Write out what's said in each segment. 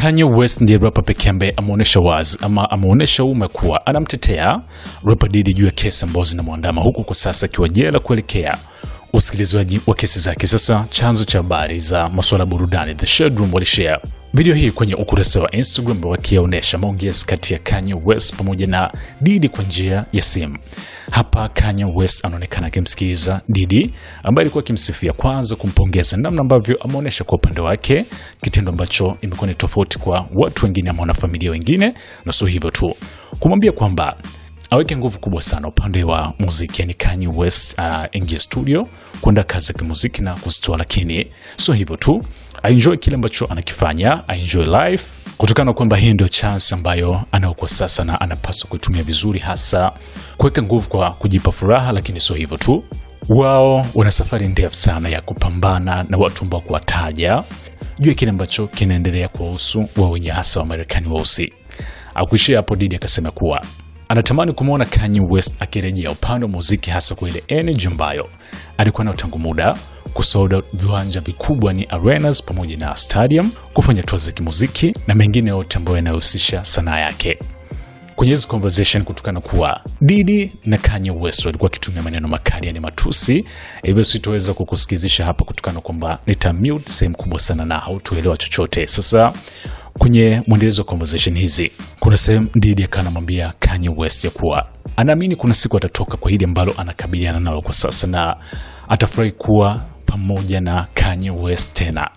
Kanye West ndiye rapa pekee ambaye ameonyesha wazi ama ameonyesha umma kuwa anamtetea rapa Diddy juu ya kesi ambazo zinamwandama huku kwa sasa akiwa jela kuelekea usikilizwaji wa kesi zake. Sasa chanzo cha habari za masuala burudani, The Shade Room walishare Video hii kwenye ukurasa wa Instagram wakionyesha maongezi kati ya Kanye West pamoja na Didi kwa njia ya simu. Hapa Kanye West anaonekana akimsikiliza Didi ambaye alikuwa akimsifia kwanza, kumpongeza namna ambavyo ameonyesha kwa upande wake, kitendo ambacho imekuwa ni tofauti kwa watu wengine ama wanafamilia wengine, na sio hivyo tu, kumwambia kwamba aweke nguvu kubwa sana upande wa muziki, yani Kanye West uh, uh, studio kwenda kazi ya kimuziki na kuzitoa, lakini sio hivyo tu aenjoy kile ambacho anakifanya, aenjoy life, kutokana na kwamba hii ndio chance ambayo anayo sasa na anapaswa kuitumia vizuri, hasa kuweka nguvu kwa kujipa furaha. Lakini sio hivyo tu, wao wana safari ndefu sana ya kupambana na watu ambao kuwataja juu ya kile ambacho kinaendelea kuwahusu wao wenye hasa Wamarekani weusi. Akuishia hapo, Didi akasema kuwa anatamani kumwona Kanye West akirejea upande wa muziki, hasa kwa ile energy ambayo alikuwa nayo tangu muda, kusoda viwanja vikubwa ni arenas pamoja na stadium, kufanya tour za kimuziki na mengine yote ambayo yanayohusisha sanaa yake. Kwenye hizi conversation, kutokana kuwa Didi na Kanye West walikuwa wakitumia maneno makali, yani matusi, hivyo sitoweza kukusikizisha hapa kutokana kwamba nita mute sehemu kubwa sana na hautuelewa chochote. Sasa kwenye mwendelezo wa conversation hizi, kuna sehemu didi akawa anamwambia Kanye West ya kuwa anaamini kuna siku atatoka kwa hili ambalo anakabiliana nalo kwa sasa na atafurahi kuwa pamoja na Kanye West tena.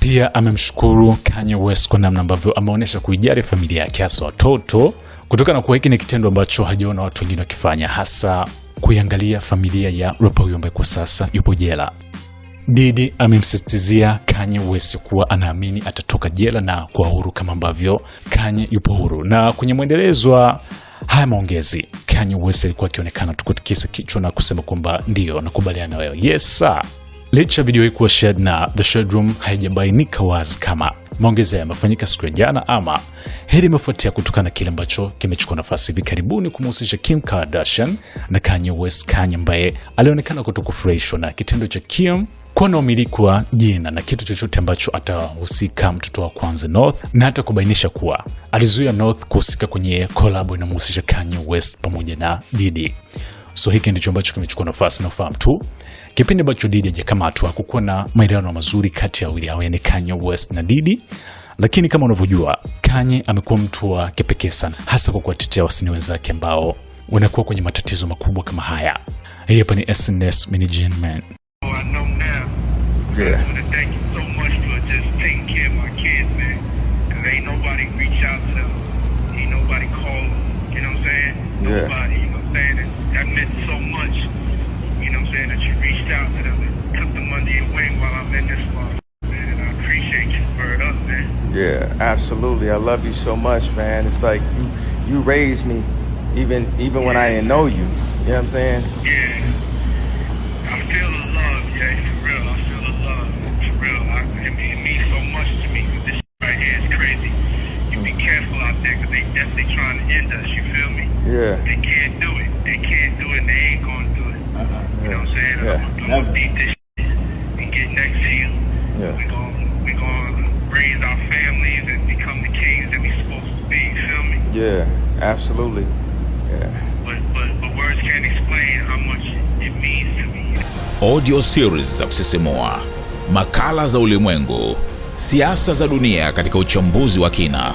Pia amemshukuru Kanye West kwa namna ambavyo ameonyesha kuijali familia yake hasa watoto, kutokana na kuwa hiki ni kitendo ambacho hajaona watu wengine wakifanya, hasa kuiangalia familia ya rapa huyo ambaye kwa sasa yupo jela. Didi amemsisitizia Kanye West kuwa anaamini atatoka jela na kuwa huru kama ambavyo Kanye yupo huru. Na kwenye mwendelezo wa haya maongezi, Kanye West alikuwa akionekana tukutikisa kichwa na kusema kwamba ndiyo, nakubaliana wewe, yes sir. Licha ya video hii kuwa shared na The Shade Room, haijabainika wazi kama maongezi haya yamefanyika siku ya jana ama heri imefuatia kutokana na kile ambacho kimechukua nafasi hivi karibuni kumhusisha Kim Kardashian na Kanye West. Kanye ambaye alionekana kutokufurahishwa na kitendo cha Kim kuwa na umiliki wa jina na kitu chochote ambacho atahusika mtoto wa kwanza North, na hata kubainisha kuwa alizuia North kuhusika kwenye kolabo inamhusisha Kanye West pamoja na Didi. So hiki ndicho ambacho kimechukua nafasi na ufahamu tu, kipindi ambacho Didi hajakamatwa kukuwa na maelewano mazuri kati ya wawili hao, yani Kanye West na Didi lakini kama unavyojua Kanye amekuwa mtu wa kipekee sana, hasa kwa kuwatetea wasanii wenzake ambao wanakuwa kwenye matatizo makubwa kama haya. Hii hapa ni SNS Management. yeah. I want to thank you so much for just taking care of my kids, man. Cause ain't nobody reach out to them. Ain't nobody call them. You know what I'm saying? Yeah. Nobody, you know what I'm saying? And that meant so much. You know what I'm saying? That you reached out to them and took the money your wing while I'm in this one. Yeah, absolutely. I love you so much, man. It's like you you raised me even even yeah. when I didn't know you. You know what I'm saying? Yeah. that's they trying to end us. You feel me? Yeah. They can't do it. They can't do it. And they ain't going to do it. Uh -huh. You know what I'm saying? Yeah. I'm, I'm gonna beat this shit and get next to you. Yeah. We're going we gonna raise our families and become the kings that we're supposed to be. You feel me? Yeah. Absolutely. Yeah. But but but words can't explain how much it means to me. Audio series za kusisimua, makala za ulimwengu, siasa za dunia katika uchambuzi wa kina